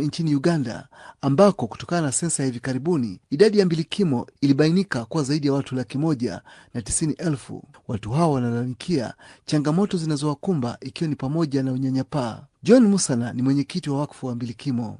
nchini Uganda ambako kutokana na sensa ya hivi karibuni idadi ya mbilikimo ilibainika kuwa zaidi ya watu laki moja na tisini elfu. Watu hawo wanalalamikia changamoto zinazowakumba ikiwa ni pamoja na unyanyapaa. John Musana ni mwenyekiti wa wakfu wa mbilikimo.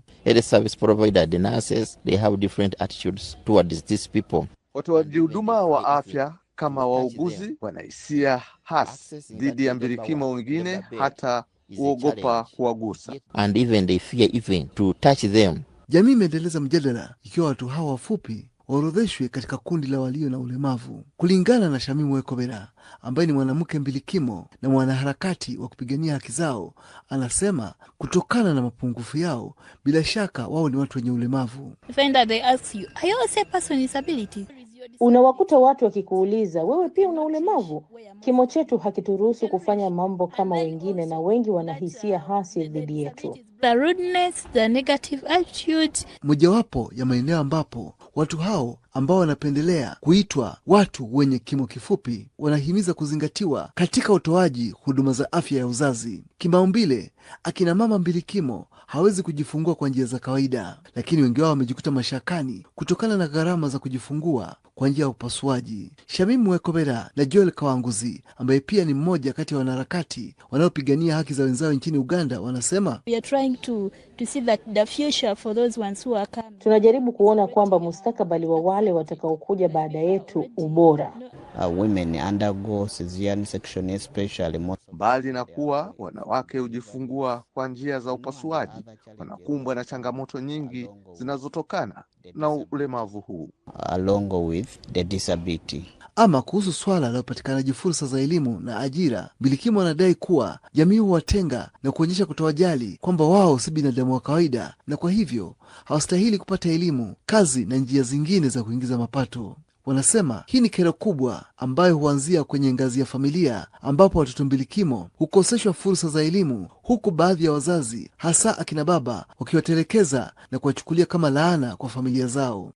Watoaji huduma wa afya kama wauguzi wanahisia hasi dhidi ya mbilikimo wengine hata huogopa kuwagusa. And even they fear even to touch them. Jamii imeendeleza mjadala ikiwa watu hawa wafupi waorodheshwe katika kundi la walio na ulemavu. Kulingana na Shamimu Wekobera ambaye ni mwanamke mbilikimo na mwanaharakati wa kupigania haki zao, anasema kutokana na mapungufu yao, bila shaka wao ni watu wenye ulemavu. Unawakuta watu wakikuuliza wewe pia una ulemavu. Kimo chetu hakituruhusu kufanya mambo kama wengine, na wengi wanahisia hasi dhidi yetu the rudeness, the negative Mojawapo ya maeneo ambapo watu hao ambao wanapendelea kuitwa watu wenye kimo kifupi wanahimiza kuzingatiwa katika utoaji huduma za afya ya uzazi. Kimaumbile, akina mama mbili kimo hawezi kujifungua kwa njia za kawaida, lakini wengi wao wamejikuta mashakani kutokana na gharama za kujifungua kwa njia ya upasuaji. Shamimu Wekobera na Joel Kawanguzi, ambaye pia ni mmoja kati ya wanaharakati wanaopigania haki za wenzao nchini Uganda, wanasema We are trying to, to see that the future for those ones who are coming. Tunajaribu kuona kwamba mustakabali wa wale watakaokuja baada yetu ubora. Uh, women undergo cesarean section especially most... Mbali na kuwa wanawake hujifungua kwa njia za upasuaji, wanakumbwa na changamoto nyingi zinazotokana na ulemavu huu along with the disability ama kuhusu swala la upatikanaji fursa za elimu na ajira, Bilikimu anadai kuwa jamii huwatenga na kuonyesha kutowajali, kwamba wao si binadamu wa kawaida na kwa hivyo hawastahili kupata elimu, kazi na njia zingine za kuingiza mapato. Wanasema hii ni kero kubwa ambayo huanzia kwenye ngazi ya familia ambapo watoto mbilikimo hukoseshwa fursa za elimu, huku baadhi ya wazazi hasa akina baba wakiwatelekeza na kuwachukulia kama laana kwa familia zao.